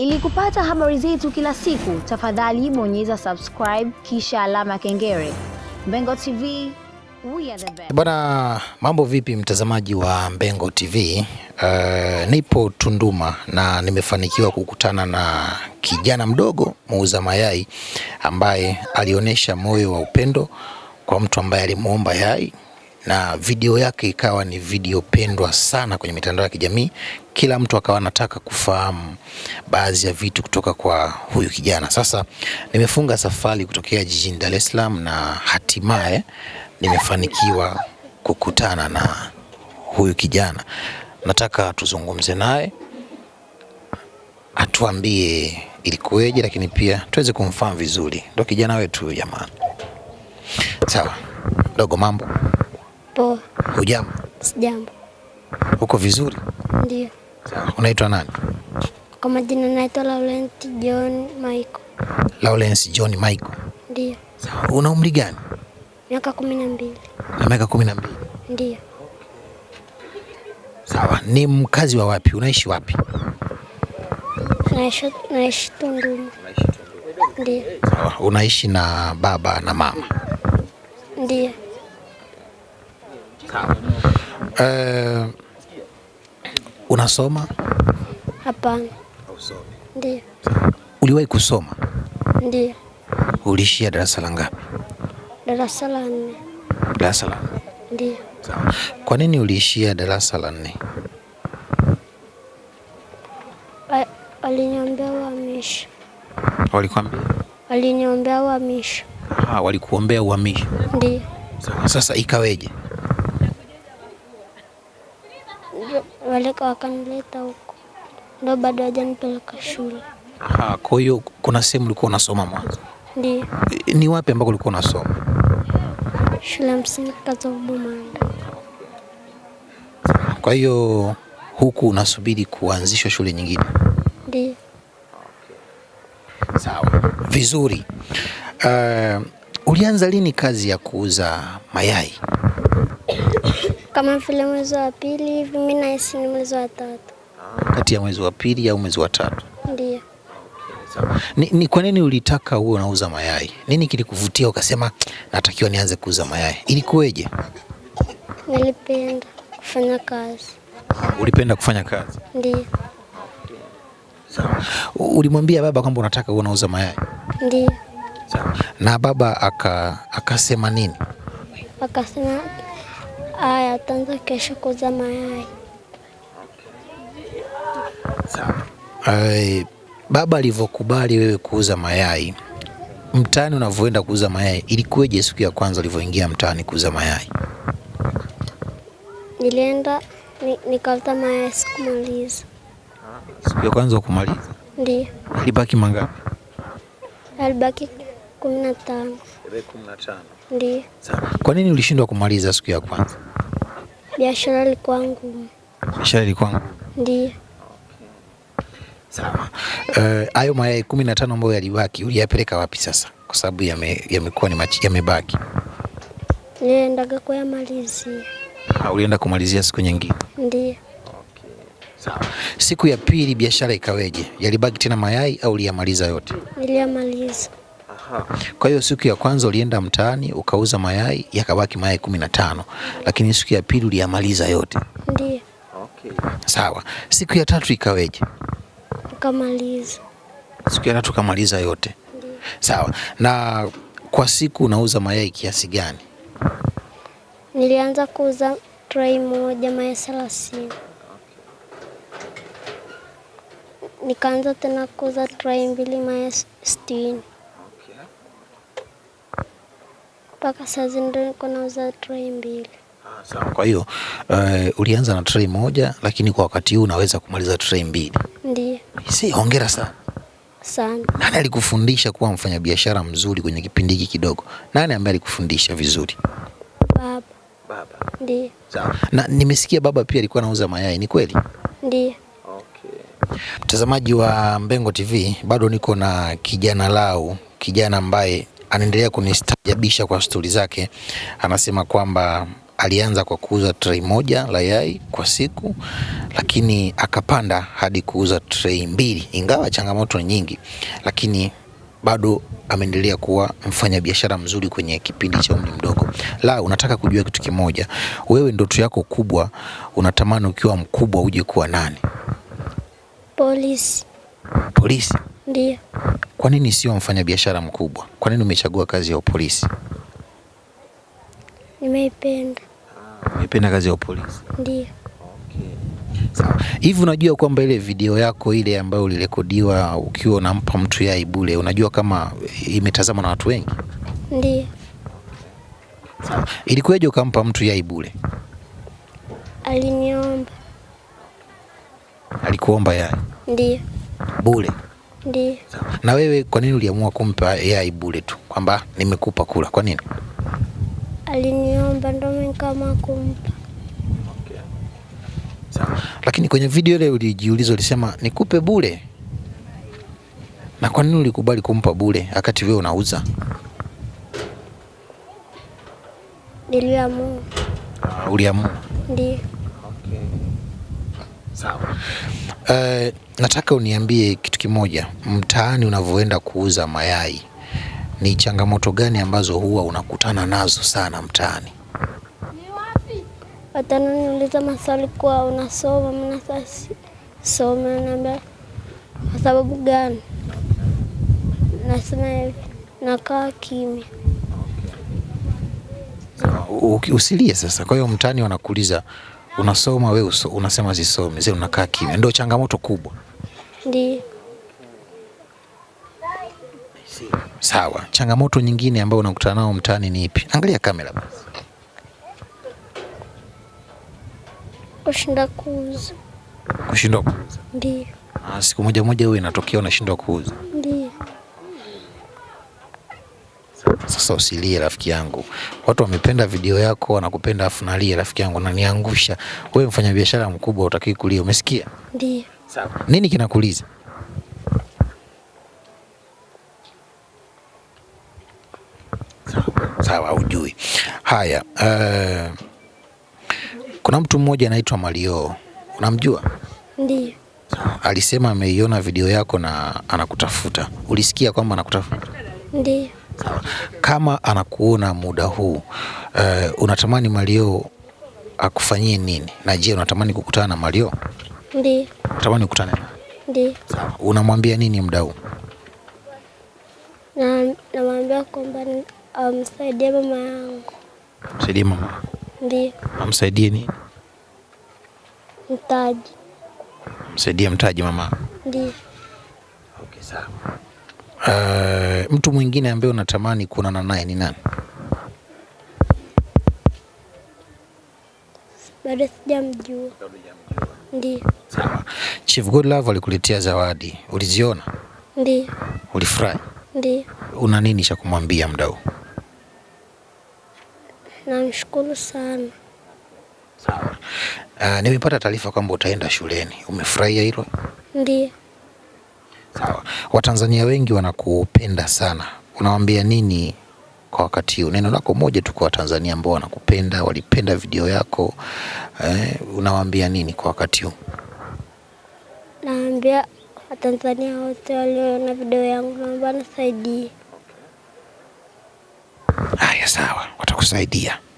Ili kupata habari zetu kila siku, tafadhali bonyeza subscribe kisha alama kengele. Mbengo TV, we are the best. Bwana, mambo vipi mtazamaji wa Mbengo TV? Uh, eh, nipo Tunduma na nimefanikiwa kukutana na kijana mdogo muuza mayai ambaye alionyesha moyo wa upendo kwa mtu ambaye alimuomba yai na video yake ikawa ni video pendwa sana kwenye mitandao ya kijamii. Kila mtu akawa anataka kufahamu baadhi ya vitu kutoka kwa huyu kijana. Sasa nimefunga safari kutokea jijini Dar es Salaam na hatimaye nimefanikiwa kukutana na huyu kijana. Nataka tuzungumze naye, atuambie ilikuweje, lakini pia tuweze kumfahamu vizuri. Ndo kijana wetu jamani. Sawa dogo, mambo Poa. Hujambo? Sijambo. Uko vizuri? Ndio. Unaitwa nani? Kwa majina naitwa Laurent John Michael. Laurent John Michael. Ndio. Una umri gani? Miaka kumi na mbili. Na miaka kumi na mbili? Ndio. Sawa. Ni mkazi wa wapi? Unaishi wapi? Naishi, naishi Tunduma. Ndio. Sawa. Unaishi na baba na mama? Ndio. Eh, unasoma? Hapana. Ndio. Uliwahi kusoma? Ndio. Uliishia darasa la ngapi? Darasa la nne. Darasa la nne? Ndio. Sawa. Kwa nini uliishia darasa la nne? Waliniambia uhamisho. Walikwambia? Waliniombea uhamisho. Ah, walikuombea uhamisho. Ndio. Sasa ikaweje? wakanipeleka wakanileta huko, ndo bado hajanipeleka shule. Aha, kwa hiyo kuna sehemu ulikuwa unasoma mwanzo? Ndio. Ni wapi ambako ulikuwa unasoma? Shule ya msingi Katabumanda. Kwa hiyo huku unasubiri kuanzishwa shule nyingine? Ndio. Sawa, vizuri. Uh, ulianza lini kazi ya kuuza mayai? kama vile mwezi wa pili hivi, mimi nahisi ni mwezi wa tatu. Kati ya mwezi wa pili au mwezi wa tatu? Ndio. Ni, ni kwa nini ulitaka uwe unauza mayai? Nini kilikuvutia ukasema natakiwa nianze kuuza mayai? Ilikuweje? Nilipenda kufanya kazi. Ulipenda kufanya kazi? Ndio. Sawa. Ulimwambia baba kwamba unataka uwe unauza mayai? Ndio. Sawa. Na baba akasema nini? Akasema Aya, tanza kesho kuuza mayai. Ay, Baba alivyokubali wewe kuuza mayai mtaani, unavyoenda kuuza mayai, ilikuwaje siku ya kwanza ulivyoingia mtaani kuuza mayai? Nilienda nikauza mayai sikumaliza. Siku ya kwanza kumaliza, Ndio. Alibaki mangapi? Alibaki kumi na tano. Kumi na tano. Ndio. Kwa nini ulishindwa kumaliza siku ya kwanza? Biashara ilikuwa ngumu. Biashara ilikuwa ngumu. Ndio. Sawa. Eh, hayo uh, mayai kumi na tano ambayo yalibaki uliyapeleka wapi sasa? Kwa sababu yamekuwa yame ni yamebaki. Niliendaga kuyamalizia. Ah, ulienda kumalizia siku nyingine? Ndio. Sawa. Siku ya pili biashara ikaweje? Yalibaki tena mayai au uliyamaliza yote? Niliyamaliza. Kwa hiyo siku ya kwanza ulienda mtaani ukauza mayai yakabaki mayai kumi na tano, lakini siku ya pili uliyamaliza yote? Ndiyo. Okay. Sawa. Siku ya tatu ikaweje? Ukamaliza. Siku ya tatu ukamaliza yote? Ndiyo. Sawa. Na kwa siku unauza mayai kiasi gani? Nilianza kuuza tray moja mayai thelathini nikaanza tena kuuza tray mbili mayai sitini. mpaka saa zingine niko nauza tray mbili. Ah, Kwa hiyo uh, ulianza na tray moja lakini kwa wakati huu unaweza kumaliza tray mbili. Ndio. Si hongera sana. Sana. Nani alikufundisha kuwa mfanyabiashara mzuri kwenye kipindi hiki kidogo? Nani ambaye alikufundisha vizuri? Baba. Baba. Ndio. Sawa. Na nimesikia baba pia alikuwa anauza mayai, ni kweli? Ndio. Mtazamaji wa Mbengo TV, bado niko na kijana Lau, kijana ambaye anaendelea kunistajabisha kwa stori zake. Anasema kwamba alianza kwa kuuza trei moja la yai kwa siku, lakini akapanda hadi kuuza trei mbili, ingawa changamoto nyingi, lakini bado ameendelea kuwa mfanya biashara mzuri kwenye kipindi cha umri mdogo. La, unataka kujua kitu kimoja, wewe ndoto yako kubwa unatamani ukiwa mkubwa uje kuwa nani? Polisi. Polisi? Ndio. Kwa nini sio mfanyabiashara mkubwa? Kwa nini umechagua kazi ya upolisi? Nimeipenda. Nimeipenda kazi ya upolisi. Ndio. Sawa. Hivi unajua kwamba ile video yako ile ambayo ulirekodiwa ukiwa unampa mtu yai bule unajua kama imetazamwa na watu wengi? Ndio. Sawa. Ilikuwaje ukampa mtu yai bule? Aliniomba. Alikuomba yai? Ndio. Bule. Ndiyo. Na wewe kwa nini uliamua kumpa yai bure tu, kwamba nimekupa kula? Kwa nini? Aliniomba ndo kama kumpa. Okay. Sawa. Lakini kwenye video ile ulijiuliza, ulisema nikupe bure, na kwa nini ulikubali kumpa bure wakati wewe unauza? Niliamua. Uh, uliamua? Ndiyo. Okay. Sawa. Uh, nataka uniambie kitu kimoja, mtaani unavyoenda kuuza mayai ni changamoto gani ambazo huwa unakutana nazo sana mtaani? Wataniuliza maswali kuwa unasoma, mna soma, naambia kwa sababu gani? Nasema hivi, nakaa kimya. Usilie sasa. Kwa hiyo mtaani wanakuuliza Unasoma we uso, unasema zisome zile, unakaa kimya, ndio changamoto kubwa. Ndio. Sawa, changamoto nyingine ambayo unakutana nao mtaani ni ipi? Angalia kamera basi. Kushinda kuuza. Kushindwa kuuza. Ndio. Ah, siku moja moja wewe inatokea unashindwa kuuza. Ndio. sasa usilie rafiki yangu, watu wamependa video yako, wanakupenda afu nalie rafiki yangu, naniangusha. Wewe biashara mkubwa, utakii kulia, umesikia? Ndio. Sawa. Nini kinakuliza? Sawa, ujui haya. Uh, kuna mtu mmoja anaitwa Mario, unamjua? Ndio. Alisema ameiona video yako na anakutafuta. Ulisikia kwamba anakutafuta? Ndio. Kama anakuona muda huu uh, unatamani Mario akufanyie nini? Na je, unatamani kukutana na Mario? Ndio. Unatamani kukutana naye? Ndio. Sawa. Unamwambia nini muda huu? Na namwambia kwamba amsaidie um, mama yangu. Msaidie mama? Ndio. Amsaidie nini? Mtaji. Msaidie mtaji mama? Ndio. Okay, sawa. Uh, mtu mwingine ambaye unatamani kuonana naye ni nani? Bado sijamjua. Ndio. Sawa. Chief alikuletea zawadi, uliziona? Ndio. Ulifurahi? Ndio. Una nini cha kumwambia muda huu? Namshukuru sana. Sawa. Uh, nimepata taarifa kwamba utaenda shuleni, umefurahia hilo? Ndio. Sawa. Watanzania wengi wanakupenda sana, unawaambia nini kwa wakati huu? Neno lako moja tu kwa Watanzania ambao wanakupenda, walipenda video yako eh, unawaambia nini kwa wakati huu? Naambia Watanzania wote walioona video yangu naomba nisaidie. Haya, sawa, watakusaidia.